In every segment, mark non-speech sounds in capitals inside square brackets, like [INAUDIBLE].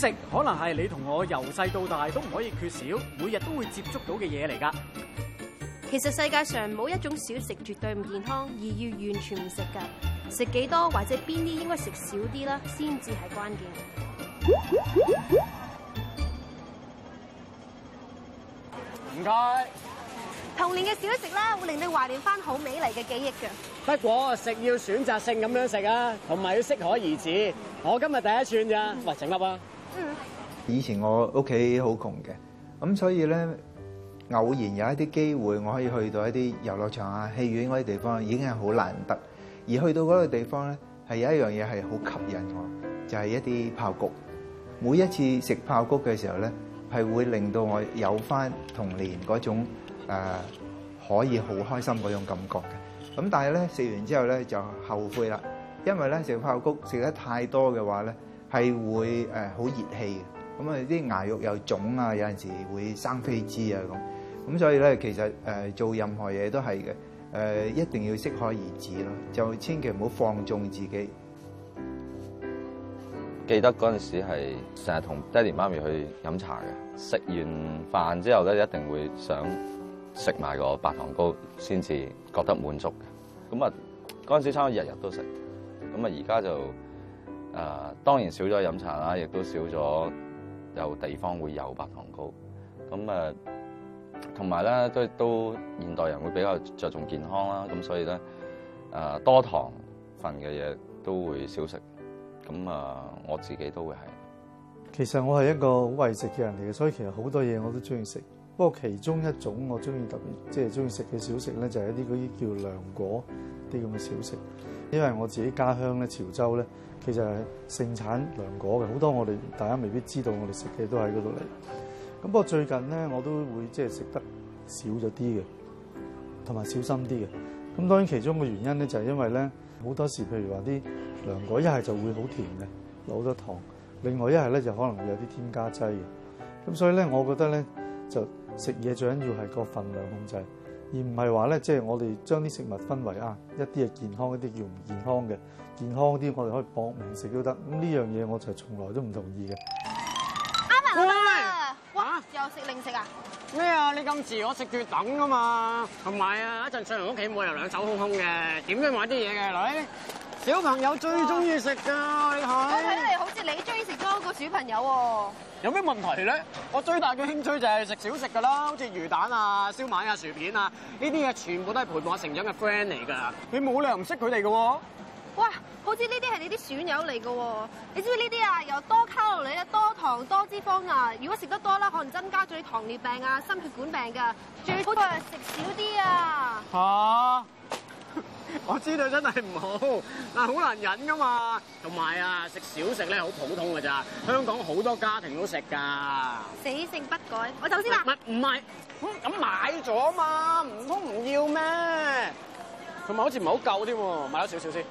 食可能係你同我由細到大都唔可以缺少，每日都會接觸到嘅嘢嚟噶。其實世界上冇一種小食絕對唔健康，而要完全唔食噶。食幾多或者邊啲應該食少啲啦，先至係關鍵。唔該。童年嘅小食咧，會令你懷念翻好美麗嘅記憶噶。不過食要選擇性咁樣食啊，同埋要適可而止。我今日第一串咋，喂整粒啊！嗯、以前我屋企好窮嘅，咁所以咧偶然有一啲機會，我可以去到一啲遊樂場啊、戲院嗰啲地方，已經係好難得。而去到嗰個地方咧，係有一樣嘢係好吸引我，就係、是、一啲爆谷。每一次食爆谷嘅時候咧，係會令到我有返童年嗰種誒、呃、可以好開心嗰種感覺嘅。咁但係咧食完之後咧就後悔啦，因為咧食爆谷食得太多嘅話咧。係會誒好熱氣嘅，咁啊啲牙肉又腫啊，有陣時會生飛滋啊咁，咁所以咧其實誒、呃、做任何嘢都係嘅，誒、呃、一定要適可而止咯，就千祈唔好放縱自己。記得嗰陣時係成日同爹哋媽咪去飲茶嘅，食完飯之後咧一定會想食埋個白糖糕先至覺得滿足嘅，咁啊嗰陣時差唔多日日都食，咁啊而家就。誒、呃、當然少咗飲茶啦，亦都少咗有地方會有白糖糕。咁誒同埋咧都都現代人會比較着重健康啦，咁所以咧誒、呃、多糖份嘅嘢都會少食。咁啊、呃，我自己都會係。其實我係一個好為食嘅人嚟嘅，所以其實好多嘢我都中意食。不過其中一種我中意特別即係中意食嘅小食咧，就係、是、一啲嗰啲叫涼果啲咁嘅小食，因為我自己家鄉咧潮州咧。其實係盛產涼果嘅，好多我哋大家未必知道我們吃的，我哋食嘅都喺嗰度嚟。咁不過最近咧，我都會即係食得少咗啲嘅，同埋小心啲嘅。咁當然其中嘅原因咧，就係、是、因為咧好多時，譬如話啲涼果一係就會好甜嘅，有好多糖；另外一係咧就可能會有啲添加劑嘅。咁所以咧，我覺得咧就食嘢最緊要係個份量控制。而唔係話咧，即係我哋將啲食物分為啊，一啲係健康，一啲叫唔健康嘅。健康啲我哋可以搏命食都得。咁呢樣嘢我就從來都唔同意嘅。阿文，你點啊？喂哇又食零食啊？咩啊？你咁遲我食住等啊嘛？同埋啊，一陣上嚟屋企我又兩手空空嘅，點樣買啲嘢嘅女？小朋友最中意食㗎，哇你睇看。睇嚟好似你中意食。小朋友喎，有咩問題咧？我最大嘅興趣就係食小食㗎啦，好似魚蛋啊、燒賣啊、薯片啊呢啲嘢，全部都係陪伴我成長嘅 friend 嚟㗎。你冇理由唔識佢哋嘅喎。哇，好似呢啲係你啲損友嚟嘅喎。你知唔知呢啲啊？又多卡路里啊，多糖多脂肪啊。如果食得多啦，可能增加咗啲糖尿病啊、心血管病㗎。最好就係食少啲啊。吓！我知道真係唔好，但好難忍噶嘛。同埋啊，食小食咧好普通噶咋，香港好多家庭都食噶。死性不改，我走先啦。唔係，唔係，咁買咗嘛，唔通唔要咩？同埋好似唔係好夠添，買咗少少先。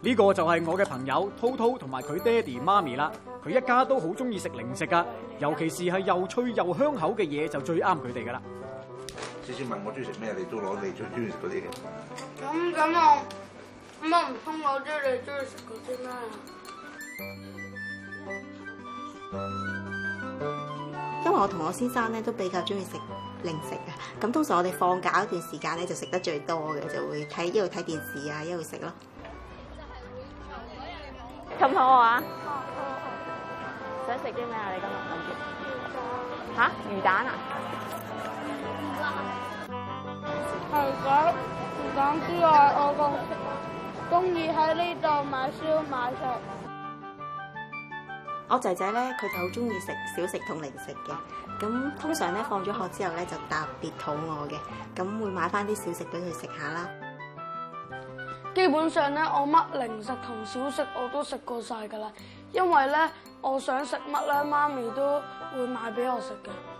呢個就係我嘅朋友濤濤同埋佢爹哋媽咪啦。佢一家都好中意食零食噶，尤其是係又脆又香口嘅嘢就最啱佢哋噶啦。次次問我中意食咩，你都攞你最中意食嗰啲嘅。咁咁我咁我唔通我中你中意食嗰啲咩？因為我同我先生咧都比較中意食零食嘅，咁通常我哋放假嗰段時間咧就食得最多嘅，就會睇一路睇電視啊，一路食咯。咁好啊？想食啲咩啊？你今日諗住？魚蛋。嚇？魚蛋啊？係咁，唔講之外，我仲中意喺呢度買燒賣食。我仔仔咧，佢就好中意食小食同零食嘅，咁通常咧放咗學之後咧就特別肚餓嘅，咁會買翻啲小食俾佢食下啦。基本上咧，我乜零食同小食我都食過晒噶啦，因為咧我想食乜咧，媽咪都會買俾我食嘅。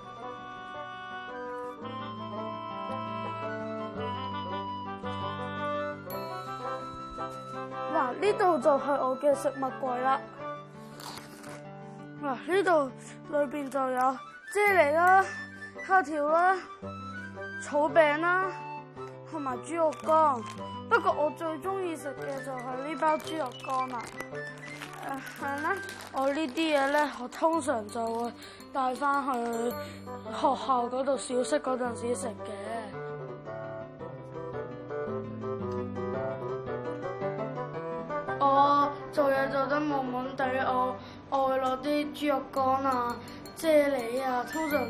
呢度就係我嘅食物櫃、啊、啦。嗱，呢度裏邊就有啫喱啦、蝦條啦、草餅啦，同埋豬肉乾。不過我最中意食嘅就係、啊、呢包豬肉乾啦。誒，係啦。我呢啲嘢咧，我通常就會帶翻去學校嗰度小息嗰陣時食嘅。對於我，我會攞啲豬肉乾啊、啫喱啊，通常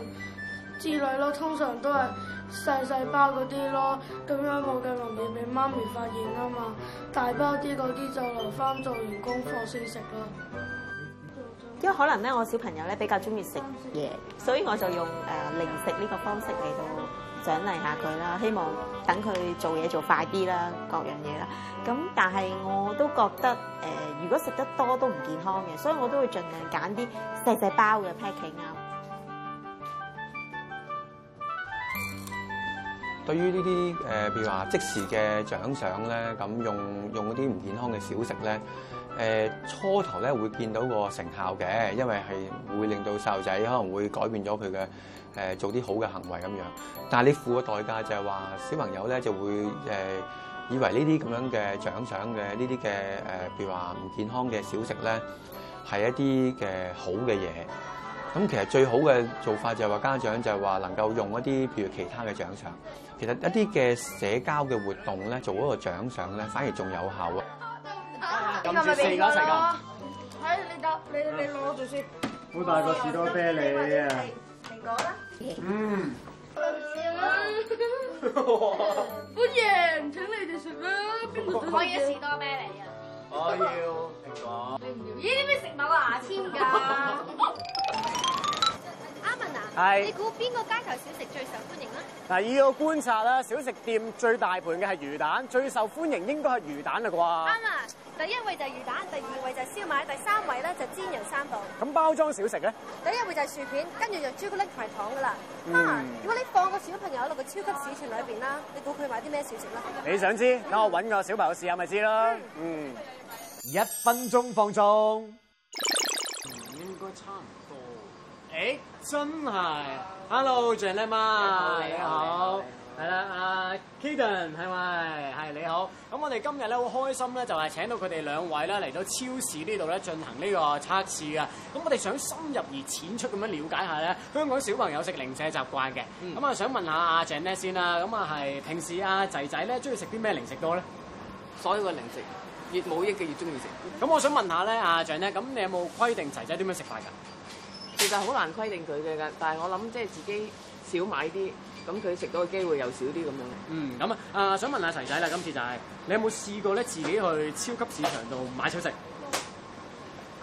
之類咯，通常都係細細包嗰啲咯，咁樣冇咁容易俾媽咪發現啊嘛。大包啲嗰啲就留返做完功課先食咯。因為可能咧，我小朋友咧比較中意食嘢，所以我就用誒、呃、零食呢個方式嚟到。獎勵下佢啦，希望等佢做嘢做快啲啦，各樣嘢啦。咁但係我都覺得誒、呃，如果食得多都唔健康嘅，所以我都會盡量揀啲細細包嘅 packing 啊。對於呢啲誒，譬如話即時嘅獎賞咧，咁用用嗰啲唔健康嘅小食咧，誒、呃，初頭咧會見到個成效嘅，因為係會令到細路仔可能會改變咗佢嘅。誒做啲好嘅行為咁樣，但係你付嘅代價就係話小朋友咧就會誒以為呢啲咁樣嘅獎賞嘅呢啲嘅誒，譬如話唔健康嘅小食咧係一啲嘅好嘅嘢。咁其實最好嘅做法就係話家長就係話能夠用一啲譬如其他嘅獎賞，其實一啲嘅社交嘅活動咧做一個獎賞咧反而仲有效啊！咁係咪你而家食㗎！喺、啊啊啊啊啊啊、你答、這個啊、你你攞住先，好大個士多啤梨啊！蘋果啦～嗯，好歡迎請你哋食啦，邊個？我要士多啤梨啊！我要蘋果 [LAUGHS] 吧、欸。你唔要咦？點咩食埋牙籤㗎？你估邊個街頭小食最受歡迎咧？嗱，依個觀察啦，小食店最大盤嘅係魚蛋，最受歡迎應該係魚蛋啦啩。啱啊，第一位就係魚蛋，第二位就係燒賣，第三位咧就係煎釀三寶。咁包裝小食咧？第一位就係薯片，跟住就朱古力同埋糖噶啦。啱、嗯、如果你放個小朋友落個超級市場裏邊啦，你估佢買啲咩小食咧？你想知？等、嗯、我搵個小朋友試下咪知咯。嗯，一分鐘放縱。誒，真係 Hello，Jennie 媽。你好，係啦，阿 Kaden 係咪？係，你好，咁我哋今日咧好開心咧，就係請到佢哋兩位呢，嚟到超市呢度咧進行呢個測試㗎。咁我哋想深入而淺出咁樣了解下咧，香港小朋友食零食習慣嘅。咁、嗯、啊，想問下阿 Jennie 先啦，咁啊係平時阿仔仔咧中意食啲咩零食多咧？所有嘅零食，越冇益嘅越中意食。咁我想問，問下咧、啊，阿 Jennie 咁你有冇規定仔仔點樣食飯噶？其實好難規定佢嘅，但係我諗即係自己少買啲，咁佢食到嘅機會又少啲咁樣。嗯，咁啊，啊想問下仔仔啦，今次就係你有冇試過咧自己去超級市場度買小食？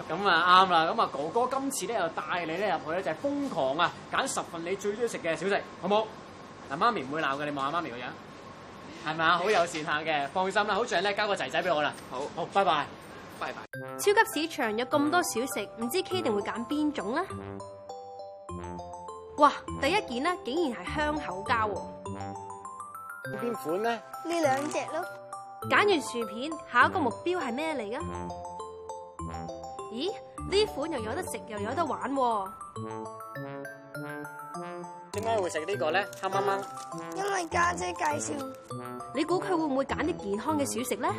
咁啊啱啦，咁啊哥哥今次咧又帶你咧入去咧就係瘋狂啊揀十份你最中意食嘅小食，好冇？嗱，媽咪唔會鬧嘅，你望下媽咪個樣，係咪啊？好友善下嘅，放心啦。好在咧交個仔仔俾我啦，好，好，拜拜。拜拜。超級市場有咁多小食，唔知 K 定會揀邊種咧？哇，第一件呢竟然係香口膠喎，邊款咧？呢兩隻咯，揀完薯片，下一個目標係咩嚟噶？咦，呢款又有得食又有得玩喎？點解會食呢個咧？黑蚊蚊，因為家姐介紹。你估佢會唔會揀啲健康嘅小食咧？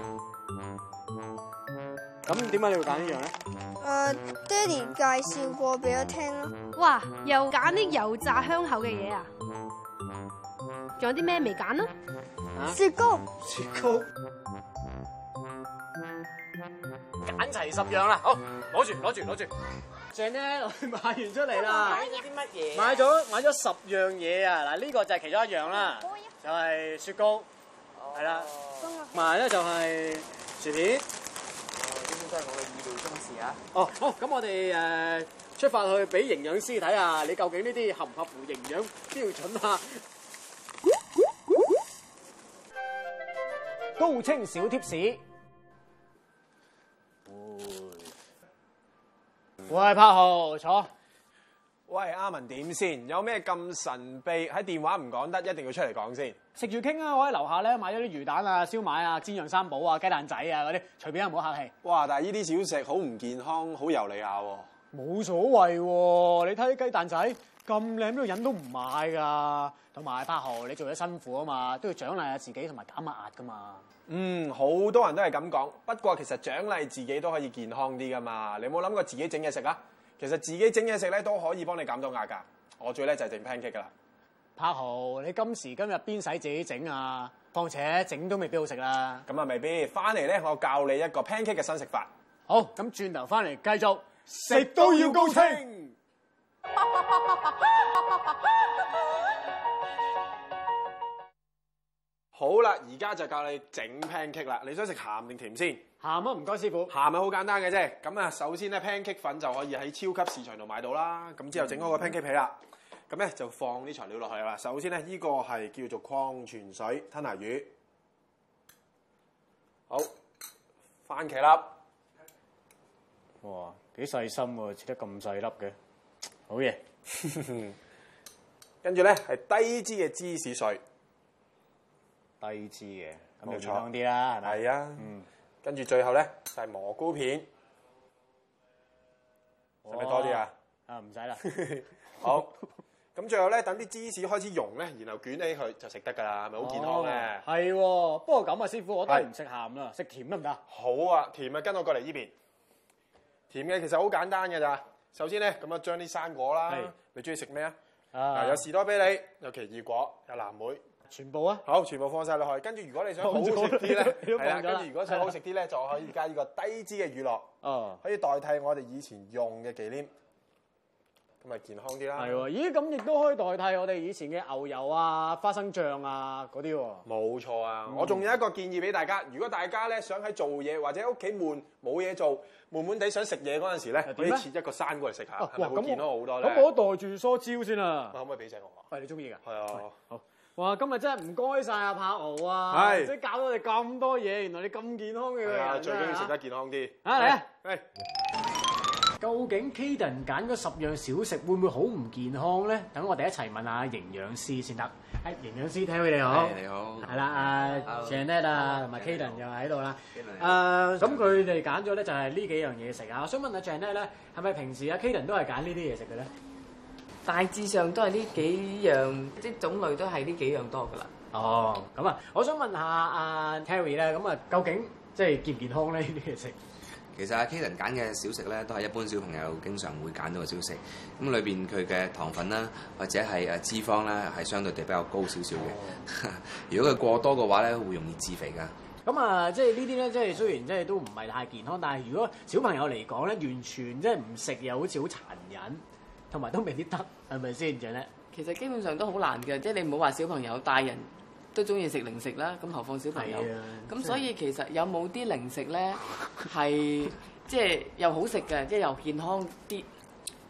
咁點解你會揀呢樣咧？誒，uh，爹哋介紹過俾我聽咯。哇，又揀啲油炸香口嘅嘢啊！仲有啲咩未揀啊？雪糕。雪糕。揀齊十樣啦，好，攞住，攞住，攞住。Jenna 呢，我哋買完出嚟啦。買咗啲乜嘢？買咗買咗十樣嘢啊！嗱，呢個就係其中一樣啦，就係、是、雪糕，係啦呀，同埋咧就係薯片。即係我嘅預料中事啊。哦，好，咁我哋誒出發去俾營養師睇下，你究竟呢啲合唔合乎營養標準啊？高清小貼士。喂，柏豪，坐。喂，阿文點先？有咩咁神秘喺電話唔講得，一定要出嚟講先。食住傾啊！我喺樓下咧買咗啲魚蛋啊、燒賣啊、煎釀三寶啊、雞蛋仔啊嗰啲，隨便啊，唔好客氣。哇！但係呢啲小食好唔健康，好油膩喎。冇所謂啊，你睇啲雞蛋仔咁靚，都度人都唔買噶。同埋，阿柏豪，你做咗辛苦啊嘛，都要獎勵下自己同埋減下壓噶嘛。嗯，好多人都係咁講。不過其實獎勵自己都可以健康啲噶嘛。你冇諗過自己整嘢食啊？其實自己整嘢食咧，都可以幫你減到壓㗎，我最叻就係整 pancake 噶啦。柏豪，你今時今日邊使自己整啊？況且整都未必好食啦。咁啊未必，翻嚟咧我教你一個 pancake 嘅新食法。好，咁轉頭翻嚟繼續食都要高清。 [LAUGHS] 好啦，而家就教你整 pancake 啦。你想食鹹定甜先？鹹啊！唔該，師傅。鹹咪好簡單嘅啫。咁啊，首先咧，pancake 粉就可以喺超級市場度買到啦。咁之後整好個 pancake 皮啦。咁咧就放啲材料落去啦。首先咧，呢個係叫做礦泉水吞拿魚。好，番茄粒。哇，幾細心喎，切得咁細粒嘅。好嘢。跟住咧係低脂嘅芝士碎。低脂嘅，咁就冇錯。啲啦，係咪？係啊。跟住最後咧就係蘑菇片，使唔使、哦、多啲啊？啊唔使啦，好。咁、 [LAUGHS] 嗯、最後咧，等啲芝士開始溶咧，然後捲起佢就食得噶啦，咪好、哦、健康嘅，係喎，不過咁啊，師傅我都係唔食鹹啊，食是甜得唔得好啊，甜啊。跟我過嚟呢邊，甜嘅其實好簡單嘅咋。首先咧，咁啊將啲生果啦，是你中意食咩啊？啊有士多啤梨，有奇異果，有藍莓。全部啊，好，全部放晒落去。跟住如果你想好食啲咧，跟住如果你想好食啲咧，就可以加呢個低脂嘅乳酪，可以代替我哋以前用嘅忌廉，咁咪健康啲啦。係咦？咁亦都可以代替我哋以前嘅牛油啊、花生醬啊嗰啲喎。冇錯啊！我仲有一個建議俾大家，如果大家咧想喺做嘢或者屋企悶冇嘢做，悶悶地想食嘢嗰陣時咧，你切一個生果嚟食下，係咪健康好多咧？咁我袋住梳蕉先啊！可唔可以俾晒我啊？係你中意噶？係啊，好。哇！今日真係唔該曬阿柏豪啊，即係搞到你咁多嘢，原來你咁健康嘅佢啊，最緊要食得健康啲。啊嚟啦！究竟 Kaden 揀嗰十樣小食會唔會好唔健康咧？等我哋一齊問下營養師先得。係營養師，聽佢哋好。你好。係啦，阿 Janet 啊，同埋 Kaden 又喺度啦。Kaden。誒，咁佢哋揀咗咧就係呢幾樣嘢食啊！我想問下 Janet 咧，係咪平時阿 Kaden 都係揀呢啲嘢食嘅咧？大致上都係呢幾樣，即種類都係呢幾樣多㗎啦。哦，咁啊，我想問下阿 Kerry 咧，咁啊 Terry，究竟即係健唔健康咧？呢啲嘢食？其實阿 Keren 揀嘅小食咧，都係一般小朋友經常會揀到嘅小食。咁裏邊佢嘅糖分啦，或者係誒脂肪咧，係相對地比較高少少嘅。哦、如果佢過多嘅話咧，會容易致肥㗎。咁啊，即係呢啲咧，即係雖然即係都唔係太健康，但係如果小朋友嚟講咧，完全即係唔食又好似好殘忍。同埋都未必得，係咪先？仲有咧？其實基本上都好難嘅，即係你唔好話小朋友，大人都中意食零食啦，咁何況小朋友？咁，啊，咁所以，所以其實有冇啲零食咧係即係又好食嘅，即係又健康啲？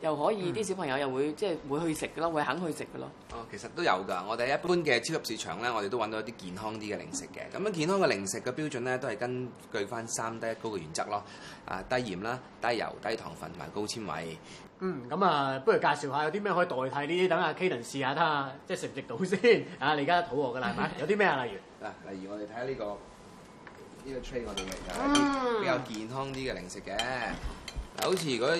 又可以啲、嗯、小朋友又會即係會去食嘅咯，會肯去食嘅咯。哦，其實都有㗎。我哋一般嘅超級市場咧，我哋都揾到一啲健康啲嘅零食嘅。咁樣健康嘅零食嘅標準咧，都係根據翻三低一高嘅原則咯。啊，低鹽啦，低油、低糖分同埋高纖維。嗯，咁啊，不如介紹下有啲咩可以代替呢啲？等阿 Ken 試下睇下，即係食唔食到先。啊， [LAUGHS] 你而家肚餓㗎啦，係嘛？有啲咩啊？例如啊，例如我哋睇下呢個呢、這個 train，我哋嚟就係、一、啲比較健康啲嘅零食嘅。嗯、好似如果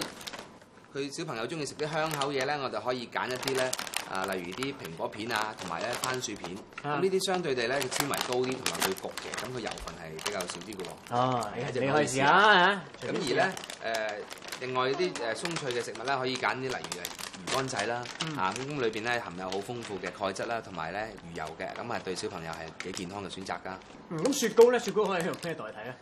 佢小朋友中意食啲香口嘢咧，我就可以揀一啲咧，啊，例如啲蘋果片啊，同埋咧番薯片。咁呢啲相對地咧，佢纖維高啲，同埋佢焗嘅，咁、嗯、佢油份係比較少啲嘅喎。哦、啊，你以可以試下。咁而咧，誒、呃，另外啲誒鬆脆嘅食物咧，可以揀啲例如魚乾仔啦，嚇咁裏邊咧含有好豐富嘅鈣質啦，同埋咧魚油嘅，咁、嗯、係、嗯嗯、對小朋友係幾健康嘅選擇㗎。咁、嗯、雪糕咧，雪糕可以用咩代替啊？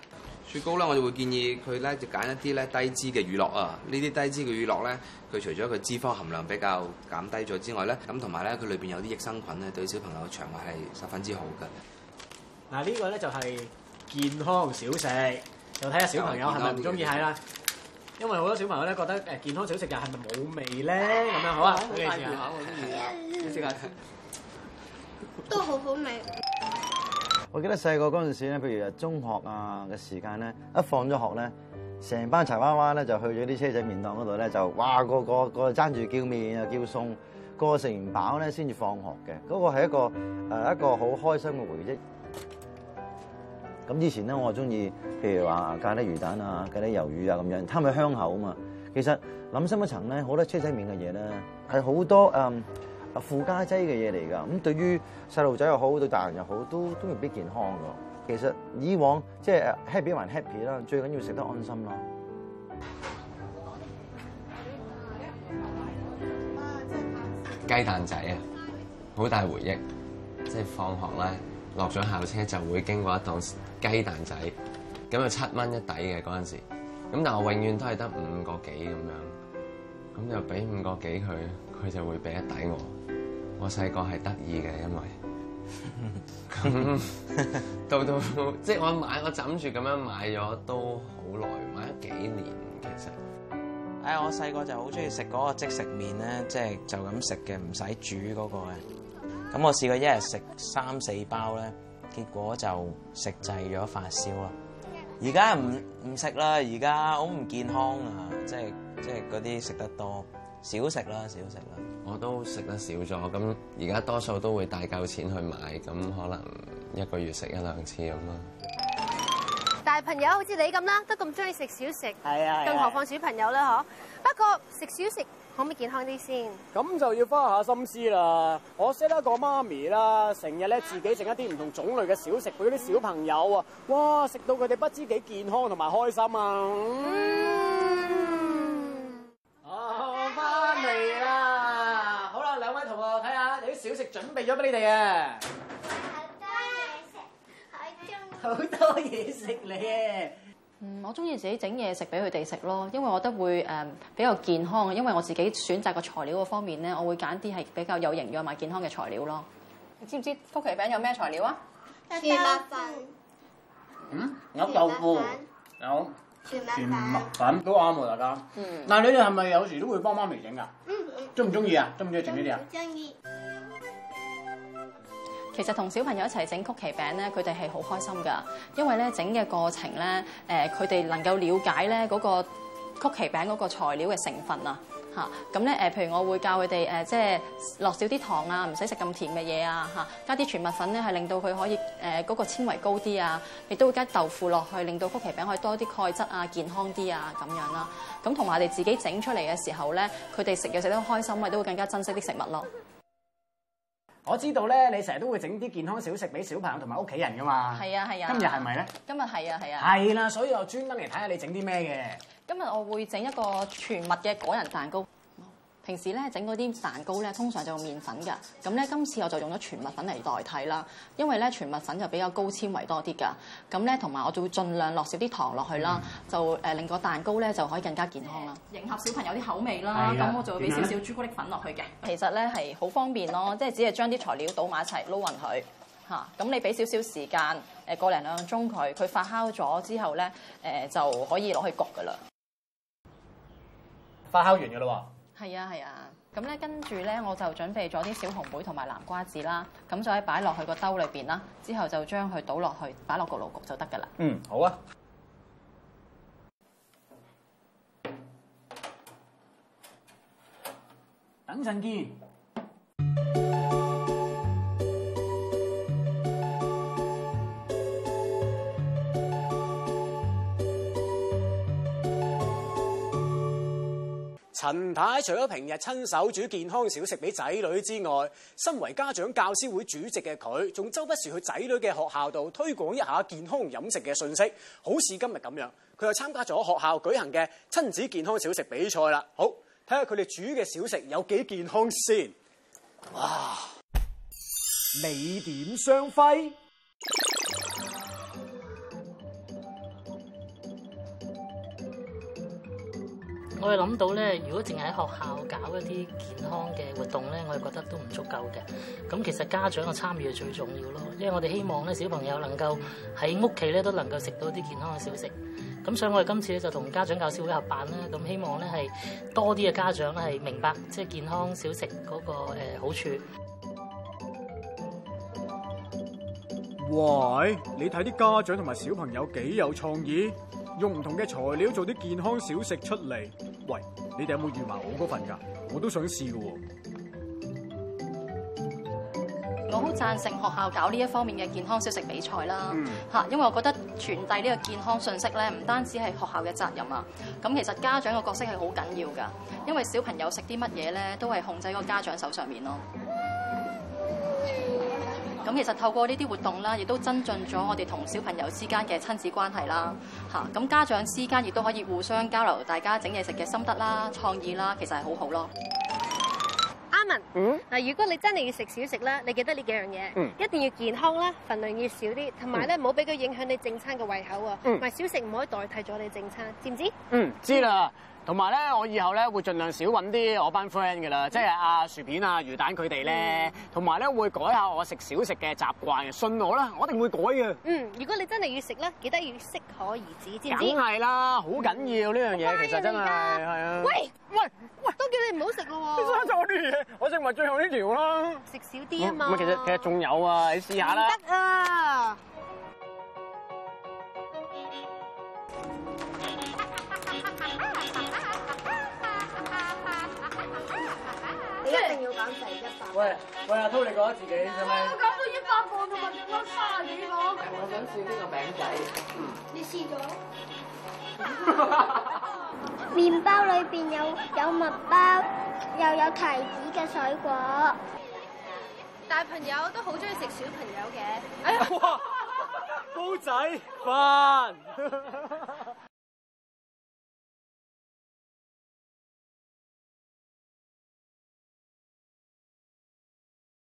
雪糕咧，我就會建議佢咧就揀一啲咧低脂嘅乳酪啊！呢啲低脂嘅乳酪咧，佢除咗佢脂肪含量比較減低咗之外咧，咁同埋咧佢裏邊有啲益生菌咧，對小朋友腸胃係十分之好㗎。嗱呢個咧就係、是、健康小食，就睇下小朋友係咪唔中意係啦。因為好多小朋友咧覺得誒健康小食又係咪冇味咧？咁樣好啊！都好好味。 [LAUGHS] 我記得細個嗰陣時咧，譬如誒中學啊嘅時間咧，一放咗學咧，成班柴娃娃咧就去咗啲車仔麵檔嗰度咧，就哇個個爭著個爭住叫麵啊叫餸，個個食完飽咧先至放學嘅，嗰、那個係一個誒、呃、一個好開心嘅回憶。咁之前咧，我中意譬如話咖喱魚蛋啊、咖喱魷魚啊咁樣，貪佢香口啊嘛。其實諗深一層咧，好多車仔麵嘅嘢咧係好多誒，嗯附加劑嘅嘢嚟㗎。咁對於細路仔又好，對大人又好，都都未必健康㗎。其實以往即係 happy 還 happy 啦，最緊要食得安心囉。雞蛋仔啊，好大回憶。即係放學咧，落咗校車就會經過一檔雞蛋仔，咁啊七蚊一底嘅嗰陣時，咁但我永遠都係得五個幾咁樣，咁就俾五個幾佢。佢就會俾一抵我，我細個係得意嘅，因為咁 [LAUGHS] 到到即係我買，我枕住咁樣買咗都好耐，買咗幾年其實。誒、哎，我細個就好中意食嗰個即食麵咧，即係就咁食嘅，唔使煮嗰個。咁我試過一日食三四包咧，結果就食滯咗發燒咯。而家唔唔食啦，而家好唔健康啊！即係即係嗰啲食得多。少食啦，少食啦！我都食得少咗，咁而家多數都會帶夠錢去買，咁可能一個月食一兩次咁啦。大朋友好似你咁啦，都咁中意食小食，係啊的，更何況小朋友啦，嗬的？不過食小食可唔可以健康啲先？咁就要花下心思啦。我識得個媽咪啦，成日咧自己整一啲唔同種類嘅小食俾啲小朋友啊，嗯、哇！食到佢哋不知幾健康同埋開心啊！嗯準準備咗俾你哋啊！好多嘢食，好多嘢食你啊！嗯，我中意自己整嘢食俾佢哋食咯，因為我覺得會誒比較健康。因為我自己選擇個材料嗰方面咧，我會揀啲係比較有營養同埋健康嘅材料咯。你知唔知曲奇餅有咩材料啊？麵粉。嗯，有豆腐，有全麥粉都啱喎，大家。嗯。嗱，你哋係咪有時都會幫媽咪整㗎？嗯，中唔中意啊？中唔中意整呢啲啊？唔中意。其實同小朋友一齊整曲奇餅咧，佢哋係好開心噶，因為咧整嘅過程咧，誒佢哋能夠了解咧嗰個曲奇餅嗰個材料嘅成分啊，嚇咁咧誒，譬如我會教佢哋誒，即係落少啲糖啊，唔使食咁甜嘅嘢啊，嚇、啊、加啲全麥粉咧，係令到佢可以誒嗰個纖維高啲啊，亦都會加豆腐落去，令到曲奇餅可以多啲鈣質啊，健康啲啊咁樣啦、啊。咁同埋我哋自己整出嚟嘅時候咧，佢哋食嘢食得開心，咪都會更加珍惜啲食物咯。我知道咧，你成日都會整啲健康小食俾小朋友同埋屋企人㗎嘛。係啊，係啊。今日係咪咧？今日係啊，係啊。係啦，所以我專登嚟睇下你整啲咩嘅。今日我會整一個全麥嘅果仁蛋糕。平時咧整嗰啲蛋糕咧，通常就用麵粉噶，咁咧今次我就用咗全麥粉嚟代替啦，因為咧全麥粉就比較高纖維多啲噶，咁咧同埋我就會盡量落少啲糖落去啦，嗯、就誒、呃、令個蛋糕咧就可以更加健康啦，迎合小朋友啲口味啦，咁的我就會俾少少朱古力粉落去嘅。其實咧係好方便咯，即係只係將啲材料倒埋一齊撈勻佢嚇，咁、啊、你俾少少時間誒、呃、個零兩個鐘佢，佢發酵咗之後咧誒、呃、就可以攞去焗噶啦。發酵完噶啦喎！係啊係啊，咁咧跟住咧我就準備咗啲小紅莓同埋南瓜子啦，咁就喺擺落去個兜裏邊啦，之後就將佢倒落去，擺落焗爐焗就得噶啦。嗯，好啊。等陣見。陳太除咗平日親手煮健康小食俾仔女之外，身為家長教師會主席嘅佢，仲周不時去仔女嘅學校度推廣一下健康飲食嘅信息。好似今日咁樣，佢又參加咗學校舉行嘅親子健康小食比賽啦。好，睇下佢哋煮嘅小食有幾健康先。哇，美點雙輝。我哋諗到咧，如果淨係喺學校搞一啲健康嘅活動咧，我哋覺得都唔足夠嘅。咁其實家長嘅參與係最重要咯，因為我哋希望咧小朋友能夠喺屋企咧都能夠食到啲健康嘅小食。咁所以，我哋今次咧就同家長教師會合辦啦。咁希望咧係多啲嘅家長係明白，即係健康小食嗰個誒好處。喂！你睇啲家長同埋小朋友幾有創意，用唔同嘅材料做啲健康小食出嚟。喂，你哋有冇預埋我嗰份噶？我都想試噶。我好贊成學校搞呢一方面嘅健康小食比賽啦，吓，因為我覺得傳遞呢個健康信息咧，唔單止係學校嘅責任啊。咁其實家長嘅角色係好緊要噶，因為小朋友食啲乜嘢咧，都係控制個家長手上面咯。咁其實透過呢啲活動啦，亦都增進咗我哋同小朋友之間嘅親子關係啦。嚇、啊，咁家長之間亦都可以互相交流，大家整嘢食嘅心得啦、創意啦，其實係好好咯。阿文，嗱、嗯，如果你真係要食小食咧，你記得呢幾樣嘢，嗯、一定要健康啦，份量要少啲，同埋咧唔好俾佢影響你正餐嘅胃口啊。唔係、嗯、小食唔可以代替咗你正餐，知唔知？嗯，知啦。嗯同埋咧，我以後咧會盡量少揾啲我班 friend 嘅啦，即係啊薯片、啊、魚蛋佢哋咧。同埋咧會改下我食小食嘅習慣，信我啦，我一定會改嘅。嗯，如果你真係要食咧，記得要適可而止，知唔知？梗係啦，好緊要呢樣嘢，其實真係係啊。喂喂喂，都叫你唔好食咯喎！爭我啲嘢，我食埋最後呢條啦。食少啲啊嘛。其實其實仲有啊，你試下啦。唔得啊！喂喂，阿濤，你講自己喂，我減到一百個，同埋最多卅幾個。我想試呢個餅仔，你試咗？麵 [LAUGHS] 包裏邊有有麥包，又有提子嘅水果。大朋友都好中意食小朋友嘅。哎呀，哇，煲仔飯。 [LAUGHS]